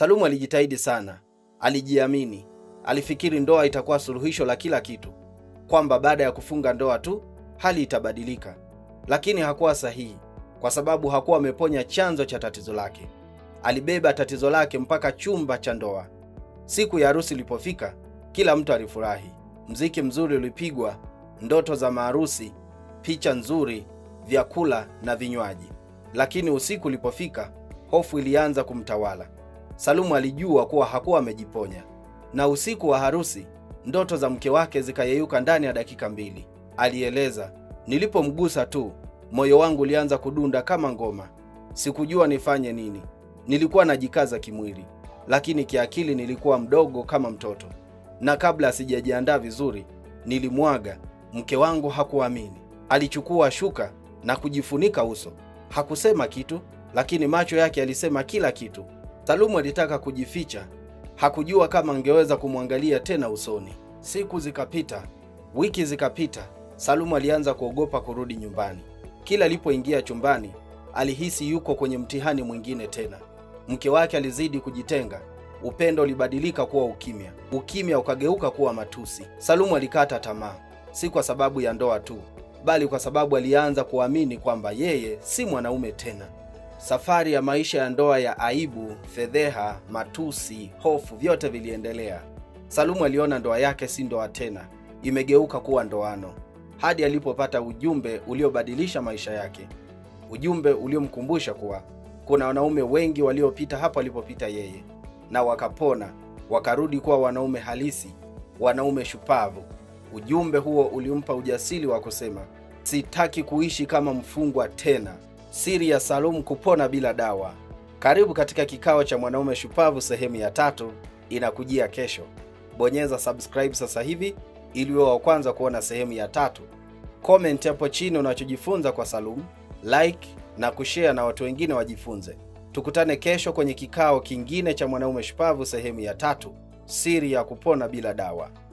Salumu alijitahidi sana, alijiamini, alifikiri ndoa itakuwa suluhisho la kila kitu, kwamba baada ya kufunga ndoa tu hali itabadilika, lakini hakuwa sahihi, kwa sababu hakuwa ameponya chanzo cha tatizo lake. Alibeba tatizo lake mpaka chumba cha ndoa. Siku ya harusi ilipofika, kila mtu alifurahi. Mziki mzuri ulipigwa, ndoto za maharusi, picha nzuri, vyakula na vinywaji. Lakini usiku ulipofika, hofu ilianza kumtawala. Salumu alijua kuwa hakuwa amejiponya, na usiku wa harusi ndoto za mke wake zikayeyuka ndani ya dakika mbili. Alieleza, nilipomgusa tu moyo wangu ulianza kudunda kama ngoma. Sikujua nifanye nini, nilikuwa najikaza kimwili, lakini kiakili nilikuwa mdogo kama mtoto, na kabla asijajiandaa vizuri nilimwaga. Mke wangu hakuamini, alichukua shuka na kujifunika uso. Hakusema kitu, lakini macho yake yalisema kila kitu. Salumu alitaka kujificha, hakujua kama angeweza kumwangalia tena usoni. Siku zikapita, wiki zikapita. Salumu alianza kuogopa kurudi nyumbani. Kila alipoingia chumbani, alihisi yuko kwenye mtihani mwingine tena. Mke wake alizidi kujitenga, upendo ulibadilika kuwa ukimya, ukimya ukageuka kuwa matusi. Salumu alikata tamaa, si kwa sababu ya ndoa tu, bali kwa sababu alianza kuamini kwamba yeye si mwanaume tena. Safari ya maisha ya ndoa ya aibu, fedheha, matusi, hofu, vyote viliendelea. Salumu aliona ndoa yake si ndoa tena, imegeuka kuwa ndoano, hadi alipopata ujumbe uliobadilisha maisha yake, ujumbe uliomkumbusha kuwa kuna wanaume wengi waliopita hapo alipopita yeye, na wakapona, wakarudi kuwa wanaume halisi, wanaume shupavu. Ujumbe huo ulimpa ujasiri wa kusema, sitaki kuishi kama mfungwa tena. Siri ya Salum kupona bila dawa. Karibu katika kikao cha mwanaume shupavu sehemu ya tatu, inakujia kesho. Bonyeza subscribe sasa hivi ili uwe wa kwanza kuona sehemu ya tatu. Comment hapo chini unachojifunza kwa Salum, like na kushare na watu wengine wajifunze. Tukutane kesho kwenye kikao kingine cha mwanaume shupavu sehemu ya tatu, siri ya kupona bila dawa.